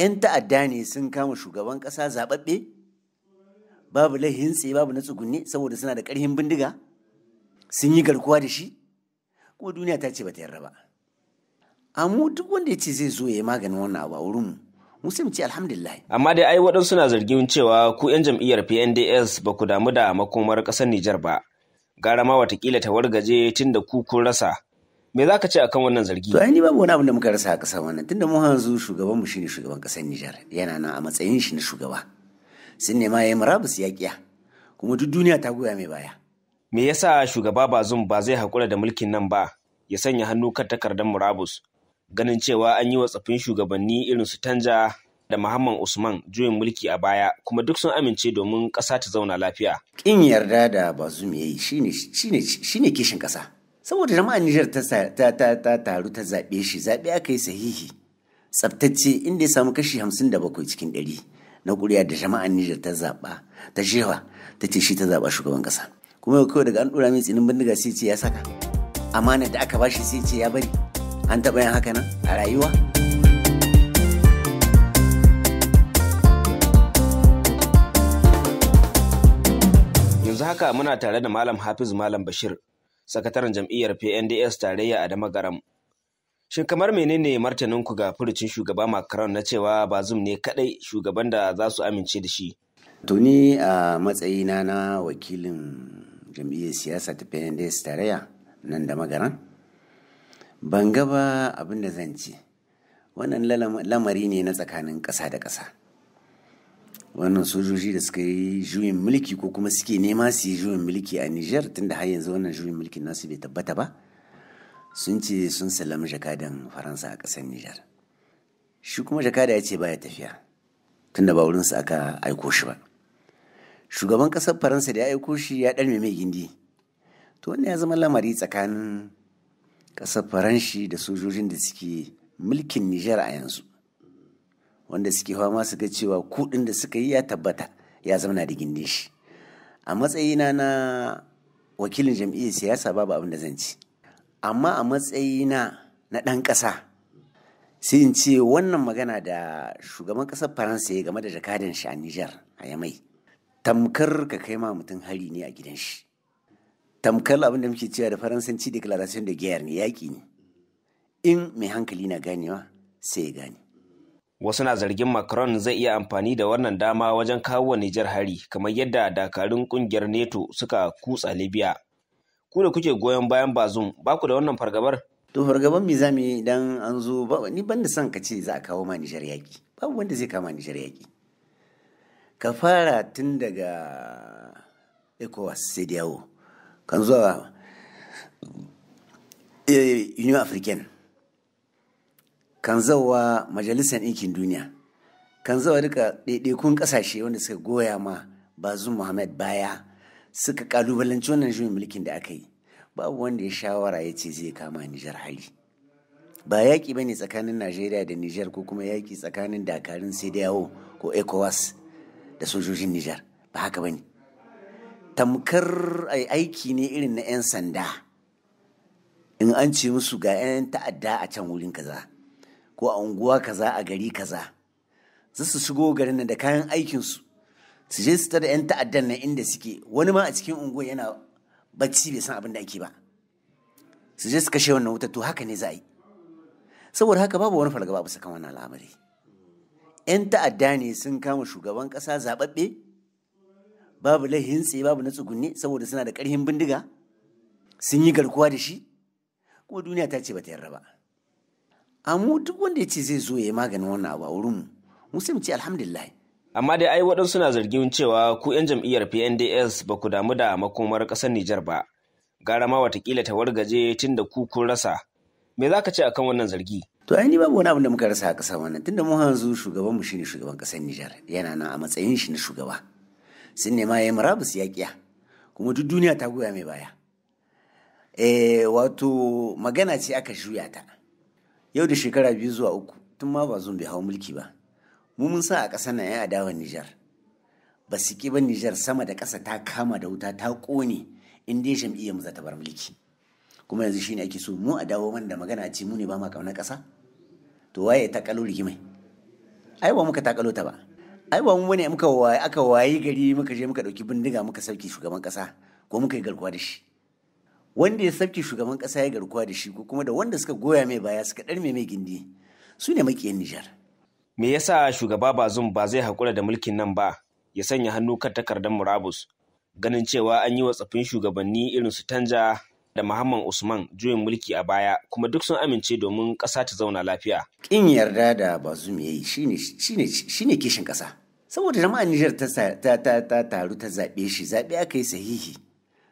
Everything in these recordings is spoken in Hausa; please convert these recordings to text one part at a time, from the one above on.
'yan ta'adda ne sun kama shugaban ƙasa zaɓaɓɓe babu laihin tsaye babu na tsugunne saboda suna da ƙarhin bindiga sun yi garkuwa da shi kuma duniya ta ce bata yarda ba amma duk wanda ya ce zai zo ya yi maganin wannan abu a wurinmu mu sai ce alhamdulillah amma dai ai waɗansu na zargin cewa ku 'yan jam'iyyar PNDS ba ku damu da makomar ƙasar Nijar ba gara ma watakila ta wargaje tun da ku kun rasa me za ka ce akan wannan zargi to ni babu wani abu da muka rasa a ƙasar wannan tunda mu hanzu shugaban mu shine shugaban ƙasar Nijar yana nan a matsayin shi na shugaba sun nema yi murabus ya kiya kuma duk duniya ta goya mai baya me yasa shugaba Bazum ba zai hakura da mulkin nan ba ya sanya hannu kan takardar murabus ganin cewa an yi wa tsafin shugabanni irin su Tanja da Muhammad Usman juyin mulki a baya kuma duk sun amince domin ƙasa ta zauna lafiya. Kin yarda da Bazum yayi shine shine shine kishin ƙasa. saboda jama'an Nijar ta taru ta zaɓe shi zaɓe aka yi sahihi tsabtacce inda ya samu kashi hamsin da bakwai cikin ɗari na kuriya da jama'ar Nijar ta zaba ta jewa ta ce shi ta zaba shugaban kasa. kuma yau kawai daga an ɗora mai tsinin bindiga sai ce ya saka amana da aka bashi sai ce ya bari an taba yin haka nan a rayuwa yanzu haka muna tare da malam hafiz malam bashir sakataren jam'iyyar PNDS tarayya Adama Garam. Shin kamar menene martanin ku ga furucin shugaba Macron na cewa ba zum ne kadai shugaban da za su amince da shi? To ni a matsayina na wakilin jam'iyyar siyasa ta PNDS tarayya nan da magaran ban gaba abin da zan ce. Wannan lamari ne na tsakanin ƙasa da ƙasa. wannan sojoji da suka yi juyin mulki ko kuma suke nema su yi juyin mulki a niger tunda har yanzu wannan juyin mulkin nasu bai tabbata ba sun ce sun salami jakadan faransa a ƙasar Nijar. shi kuma jakada ya ce baya tafiya tunda ba wurinsa aka aiko shi ba shugaban ƙasar faransa da ya aiko shi ya ɗalme mai gindi to wannan ya zama lamari tsakanin ƙasar faranshi da sojojin da suke mulkin Nijar a yanzu wanda suke fama su ga cewa kuɗin da suka yi ya tabbata ya zauna da gindin shi a matsayina na wakilin jam'iyyar siyasa babu abin da zan ci amma a matsayina na ɗan ƙasa sai in ce wannan magana da shugaban ƙasar faransa ya game da jakadin shi a nijar a yamai tamkar ka kai ma mutum hari ne a gidan shi tamkar abin da muke cewa da faransanci declaration da giyar ne yaƙi ne in mai hankali na ganewa sai ya gane wasu na zargin macron zai iya amfani da wannan dama wajen kawo wa nijar hari kamar yadda dakarun kungiyar neto suka kutsa libya ku da kuke goyon bayan bazum ba ku da wannan fargabar to fargabar me zamu idan an zo ba ni banda son ka ce za a kawo ma nijar yaki babu wanda zai kawo kama nijar yaki ka fara tun daga ecowas sai da yawo kan zuwa eh, union african kan zauwa majalisar ɗinkin duniya kan zauwa duka ɗaiɗaikun ƙasashe wanda suka goya ma bazu muhammad baya suka kalubalanci wannan juyin mulkin da aka yi babu wanda ya shawara ya ce zai kama nijar hali. ba yaƙi ba ne tsakanin najeriya da nijar ko kuma yaƙi tsakanin dakarun yawo ko ecowas da sojojin nijar ba haka ba ne tamkar aiki ne irin na 'yan sanda in an ce musu ga 'yan ta'adda a can wurin kaza ko a unguwa kaza a gari kaza za su shigo garin nan da kayan aikinsu su je su tada 'yan ta'addan nan inda suke wani ma a cikin unguwa yana bacci bai san abin da ake ba su je su kashe wannan wutar to haka ne za a yi saboda haka babu wani fargaba bisa kan wannan al'amari 'yan ta'adda ne sun kama shugaban kasa zaɓaɓɓe babu laihin tsaye babu na tsugunne saboda suna da karhin bindiga sun yi garkuwa da shi kuma duniya ta ce ba ta yarda ba amma duk wanda ya ce zai zo ya yi maganin wannan abu a wurinmu mu sai mu ce alhamdulillah amma dai ai waɗansu na zargin cewa ku 'yan jam'iyyar pnds ba ku damu da makomar ƙasar nijar ba gara ma watakila ta wargaje tun da ku kun rasa me za ka ce akan wannan zargi to ai ni babu wani abin da muka rasa a ƙasa wannan tunda mu hanzu shugaban mu shine shugaban ƙasar nijar yana nan a matsayin shi na shugaba sun nema ya yi murabus ya kiya kuma duk duniya ta goya mai baya eh wato magana ce aka juya ta yau da shekara biyu zuwa uku tun ma ba zun bai hau mulki ba mu mun sa a ƙasa na a dawa nijar ba su ƙi ba nijar sama da ƙasa ta kama da wuta ta ƙone in dai jam'iyyar mu za ta bar mulki kuma yanzu shine ake so mu a dawo wanda da magana ce mu ne ba ma ƙaunar ƙasa to waye ta kalo rigimai ai ba muka ta kalo ta ba ai ba mu bane muka aka wayi gari muka je muka ɗauki bindiga muka sauke shugaban ƙasa ko muka yi garkuwa da shi wanda ya sabke shugaban kasa ya garkuwa da shi ko kuma da wanda suka goya mai baya suka dar mai gindi su ne makiyan Nijar. Me yasa shugaba Bazum ba zai hakura da mulkin nan ba ya sanya hannu kan takardar murabus ganin cewa an yi wa tsafin shugabanni irin su Tanja da Muhammad Usman juyin mulki a baya kuma duk sun amince domin kasa ta zauna lafiya. Kin yarda da Bazum ya yi shine kishin ƙasa. Saboda jama'an Nijar ta taru ta zaɓe shi zaɓe aka yi sahihi.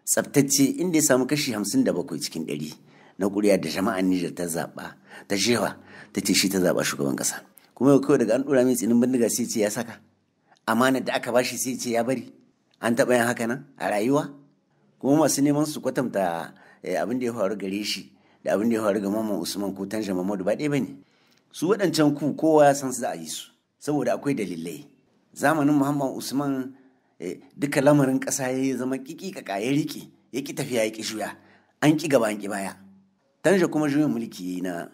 tsabtacce inda ya samu kashi hamsin bakwai cikin 100 na ƙuri'a da jama'an Nijar ta zaɓa ta shewa ta ce shi ta zaba shugaban kasa. kuma yau kawai daga an ɗora mai tsinin bindiga sai ce ya saka amanar da aka bashi sai ce ya bari an taɓa yin haka nan a rayuwa kuma masu neman su kwatanta eh, abin da ya faru gare shi da abin da ya faru ga mamman usman ko tanja mamadu ba ɗaya bane su waɗancan ku kowa ya san su za a yi su saboda akwai dalilai zamanin muhammad usman Eh, duka lamarin ƙasa ya zama ƙiƙi ƙaƙa ya riƙe ya ƙi tafiya ya ƙi shuya an ƙi gaba an ƙi baya tanja kuma juyin mulki na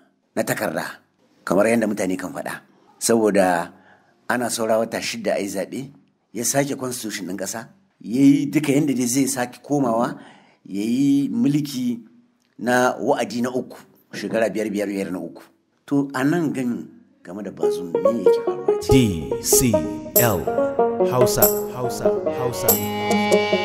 takarda kamar yadda mutane kan faɗa saboda ana saura wata shida a yi zaɓe ya sake constitution ɗin ƙasa ya yi duka yadda dai zai sake komawa ya yi mulki na wa'adi na uku shekara biyar biyar biyar na uku to a nan gani game da bazum ya yake faruwa DCL 好杀！好杀！好杀！